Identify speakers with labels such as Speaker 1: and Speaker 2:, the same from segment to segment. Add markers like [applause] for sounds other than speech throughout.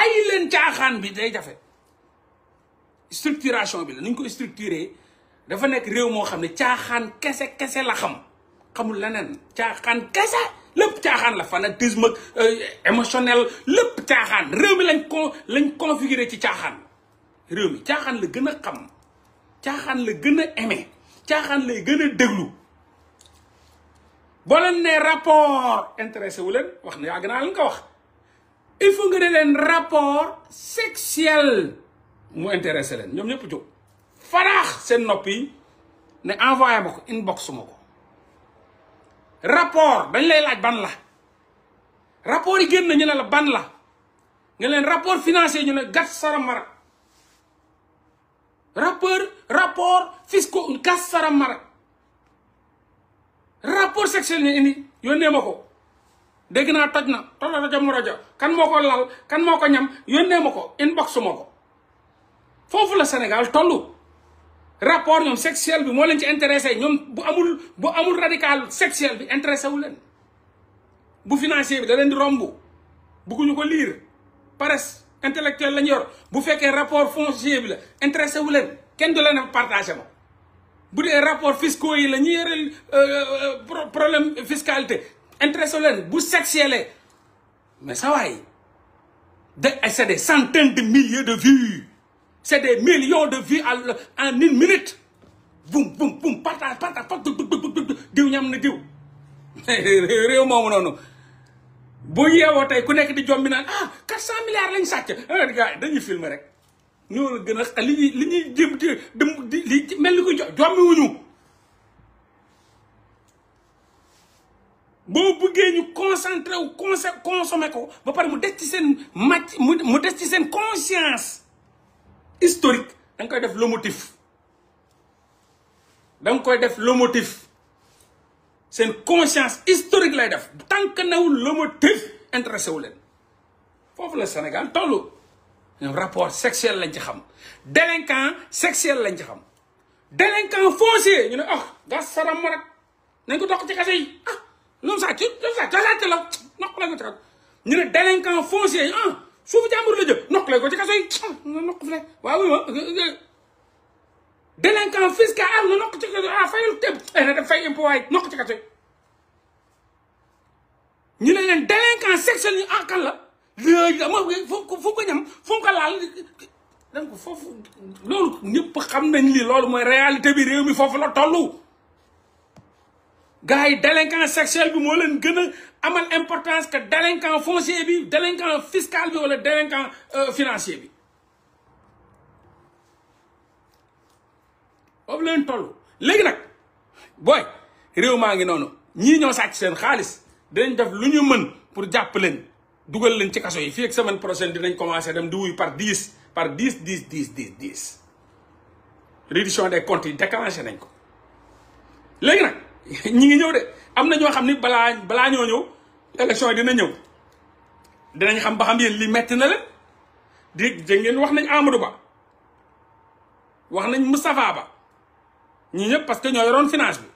Speaker 1: bàyyi leen caaxaan bi day jafe structuration bi la nuñ ko structuré dafa nekk réew moo xam ne caaxaan kese kese la xam xamul leneen caaxaan kese lépp caaxaan la fanatisme euh, émotionnel lépp caaxaan réew mi lañ ko lañ configuré ci caaxaan réew mi caaxaan la gën a xam caaxaan la gën a aimé caaxaan lay gën a déglu boo leen ne rapport intéressé wu leen wax na yàgg naa leen ko wax il faut nga ne leen rapport sexuel mu intéressé leen ñoom ñëpp jóg faraax seen nopp yi ne envoyé ma ko inbox ma ko rapport dañ lay laaj ban la rapport yi génn ñu ne la ban la nga leen rapport financier ñu ne gat saramara rapport rapport fisco gas saramara rapport sexuel ñu indi yónnee ma ko dégg naa toj na tolo rajo mu rajo kan moo ko lal kan moo ko ñam yónnee ma ko inbox ma ko foofu la Sénégal tollu rapport ñoom sexuel bi moo leen ci intéressé ñoom bu amul bu amul radical sexuel bi intéressé wu leen bu financier bi da leen di romb bëgguñu ko liir paresse intellectuelle lañu yor bu fekkee rapport foncier bi la intéressé wu leen kenn du leen partagé ma bu dee rapport fiscaux yi la ñu yore euh, euh, euh, problème fiscalité intéressé leen bu sexuelle mais sa da de c'est de centaines de milliers de vues c'est des millions de vues en une minute bum bum bum partage partage diw ñam na diw [laughs] réew moomu noonu bu yeewoo tey ku nekk di jom naan ah quatre cent milliards lañ sàcc eh, gars yi dañuy filmer rek ñoo gën a li ñuy li ñuy jëm di mel ni ko jommi wuñu boo bëggee ñu concentré wu consommé ko ba pare mu des ci seen màcc mu des ci seen conscience historique da nga koy def lomotif danga koy def lomotif seen conscience historique lay def tant que nawul lomotif intéressé wu leen foofu la Sénégal tollu ñoom rapport sexuel lañ ci xam délinquant sexuel lañ ci xam délinquant foncier ñu ne ah gas saram ma rek nañ dox ci kase yi ah! ñoom sax ci ñoom sax tasaate la ko ci kaso ñu ne délinquant foncier yi ah suufu jàmbur la jël noq lañ ko ci kaso yi noq fi ne waaw ma délinquant fiscal am na noq ci kaso ah fayul tëb eh, na def fay impôt waay ci kaso yi ñu ne leen délinquant yi ah kan la léegi fu fu ko ñam fu ko laal foofu loolu ñëpp xam nañ li loolu mooy réalité bi réew mi foofu la tollu gars yi délinquant sexuel bi moo leen gën a amal importance que délinquant foncier bi délinquant fiscal bi wala délinquant euh, financier bi boobu leen toll léegi nag booy réew maa ngi noonu ñii ñoo sàcc seen xaalis dinañ def lu ñu mën pour jàpp leen dugal leen ci kaso yi fii ak semaine prochaine dinañ commencé dem di wuy par dix par dix dix dix dix dix reddition des comptes yi déclenché nañ ko léegi nag ñi ngi ñëw de am na ñoo xam ni balaa balaa ñoo ñëw élection yi dina ñëw danañ xam ba xam yéen li metti na leen di dégg ngeen wax nañ Amadou Ba wax nañ Moustapha Ba ñi ñëpp parce que ñoo yoroon finance bi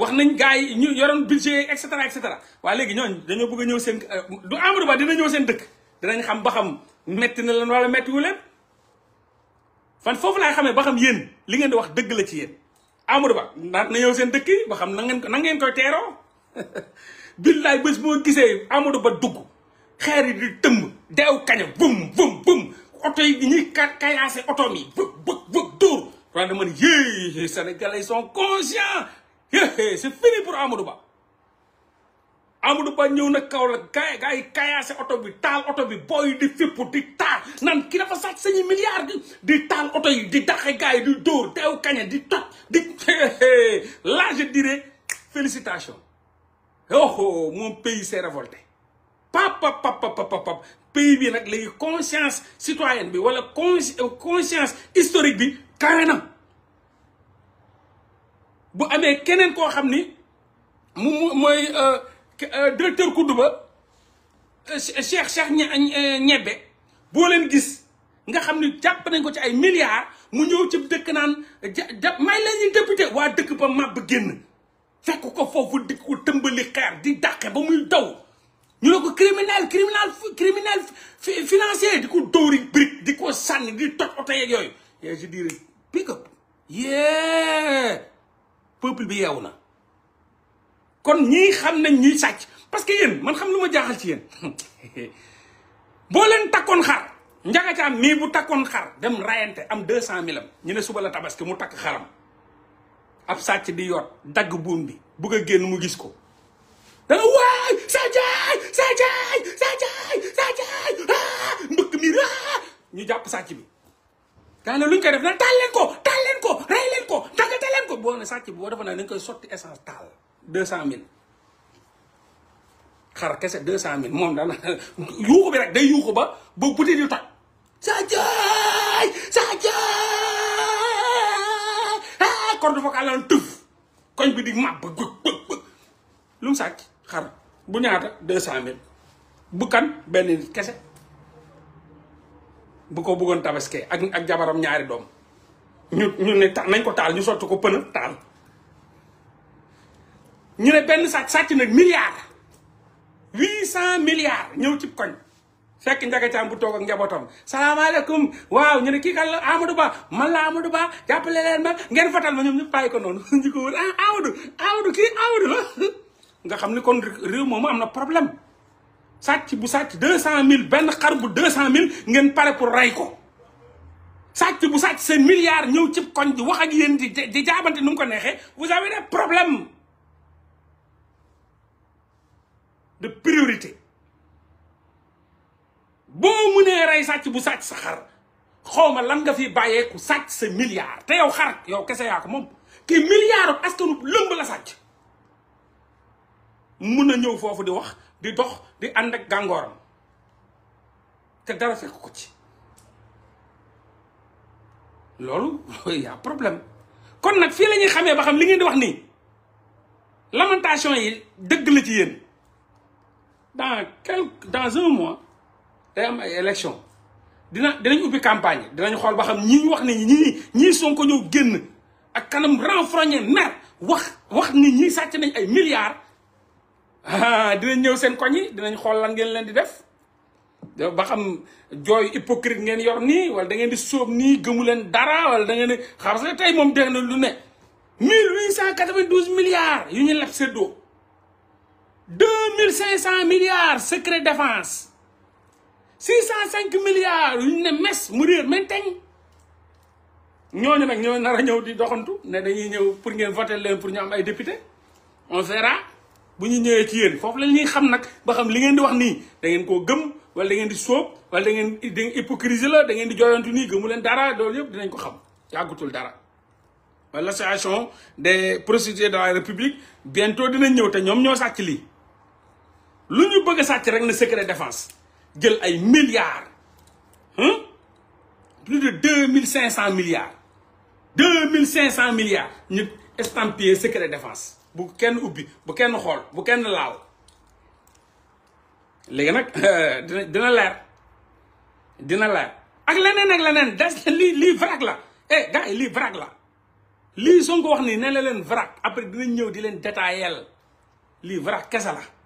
Speaker 1: wax nañ gaa yi ñu yoroon budget et cetera cetera waaye léegi ñooñ dañoo bëgg ñëw seen du Amadou Ba dina ñëw seen dëkk danañ xam ba xam metti na leen wala metti wu leen fan foofu laay xamee ba xam yéen li ngeen di wax dëgg la ci yéen Amadou Ba daan na ñëw seen dëkk yi xam na ngeen ko na ngeen koy teeroo [laughs] billaay bés boo gisee Amadou Ba dugg xeer yi di tëmb deew kaña bum bum bum oto yi ñuy kaayaase oto mi bëgg bëgg bëgg dóor waaye dama ne yéey sénégalais sont conscients [laughs] c'est fini pour Amadou Ba Amadou Ba ñëw na Kaolack gars gars yi kaayaase oto bi taal oto bi booy di fippu di taal nan ki dafa sàcc sañu milliard bi di taal oto yi di daxe gars yi di dóor teew kañe di toj di [laughs] là je dirais félicitation oh, oh mon pays s'est révolté pap pap pap pap pap pays bi nag léegi conscience citoyenne bi wala euh, conscience historique bi kawe na bu amee keneen koo xam ni mu mooy euh, Euh, directeur kudd ba euh, euh, Cheikh Cheikh ñebbe boo leen gis nga xam ni jàpp nañ ko ci ay milliards mu ñëw ci dëkk naan may la ñuy député waa dëkk ba màbb génn fekk ko foofu di ko tëmbali xeer di dàqe ba muy daw ñu ne ko criminel criminel criminel financier di ko dóori brique di ko sànni di toj oto yeeg yooyu yee je dirais pick up yee peuple bi yeewu na kon ñii xam nañ ñiy sàcc parce que yéen man xam lu ma jaaxal ci yéen [laughs] boo takkoon xar njaga caam mii bu takkoon xar dem rayante am deux cent mille am ñu ne suba la tabaski mu takk xaram ab sàcc di yor dagg buum bi bugg a génn mu gis ko dana waay sàccaay sàccaay sàccaay sàccaay ah, mbëkk mi ah. ñu jàpp sàcc bi gaa ne luñ koy def na taal leen ko taal leen ko ray leen ko daggate ne sàcc bi boo defa naa dañ koy sotti essence taal deux cent mille xar kese deux cent mille moom dana [laughs] yuuxu bi rek day yuuxu ba ba butit yu tàj Sadio Sadio ah corde vocale la tëf koñ bi di màbb gëg gëg lu mu sàcc xar bu ñaata deux cent mille bu kan benn kese bu ko buggoon tabaskee ak ak jabaram ñaari doom ñu ñu ne nañ ko taal ñu sotti ko pën taal. ñu ne benn sàcc sàcc nag milliards huit cent milliards ñëw ci koñ fekk Ndiaga Thiam bu toog ak njabootam salaamaaleykum waaw ñu ne kii kan la Amadou Ba man la Amadou Ba jàppale leen ma ngeen fatal ma ñoom ñu bàyyi ko noonu [laughs] ñu ko wër ah Amadou la [laughs] nga xam ni kon réew moomu am na problème sàcc bu sàcc deux cent mille benn xar bu deux cent mille ngeen pare pour rey ko sàcc bu sàcc seen milliards ñëw ci koñ di wax ak yéen di di jaabante nu mu ko neexee vous avez problème problèmes de priorité boo munee rey sàcc bu sàcc sa xar xawma lan nga fi bàyyeeku sàcc sa milliard te yow xar yow kese yaa ko moom kii milliard askanu lëmb la sàcc mun a ñëw foofu di wax di dox di ànd ak gàngooram te dara fekk ko ci loolu y a problème kon nag fii la ñuy xamee ba xam li ngeen di wax nii lamentation yi dëgg la ci yéen dans quelque dans un mois day am ay élection dina dinañ ubbi campagne dinañ xool ba xam ñi ñu wax ne ñii ñii Sonko ñëw génn ak kanam renfrogné mer wax wax ni ñii sàcc nañ ay milliards ah dinañ ñëw seen koñi yi dinañ xool lan ngeen leen di def ba xam jooy hypocrite ngeen yor nii wala da ngeen di sóob nii gëmu leen dara wala da ngeen di xam sax tey moom dégg na lu ne mille huit cent quatre-vingt-douze milliards yu ñu leb seddoo cinq cinq cent milliards secret défense six cent cinq milliards yu ñu ne mes mu réer ñoo ñooñu nag ñoo nar a ñëw di doxantu ne dañuy ñëw pour ngeen voter leen pour ñu am ay député on verra bu ñu ñëwee ci yéen foofu la ñuy xam nag ba xam li ngeen di wax nii da ngeen koo gëm wala da ngeen di sóob wala da ngeen di hypocrisie la da ngeen di jooyantu nii gëmu leen dara loolu yëpp dinañ ko xam yàggutul dara. wala l'association des prostituées de la république bientôt dinañ ñëw te ñoom ñoo sàcc lu ñu bëgg a sàcc rek na secret défense jël ay milliards plus de deux mille cinq cent milliards deux mille cinq cent milliards ñu estampillé secret défense bu kenn ubbi bu kenn xool bu kenn laaw léegi nag euh, dina dina leer dina leer ak leneen ak leneen des lii lii vrac la eh lii vrac la lii Sonko wax nii ne leen vrac après dinañ ñëw di leen détaillé lii vrac kese la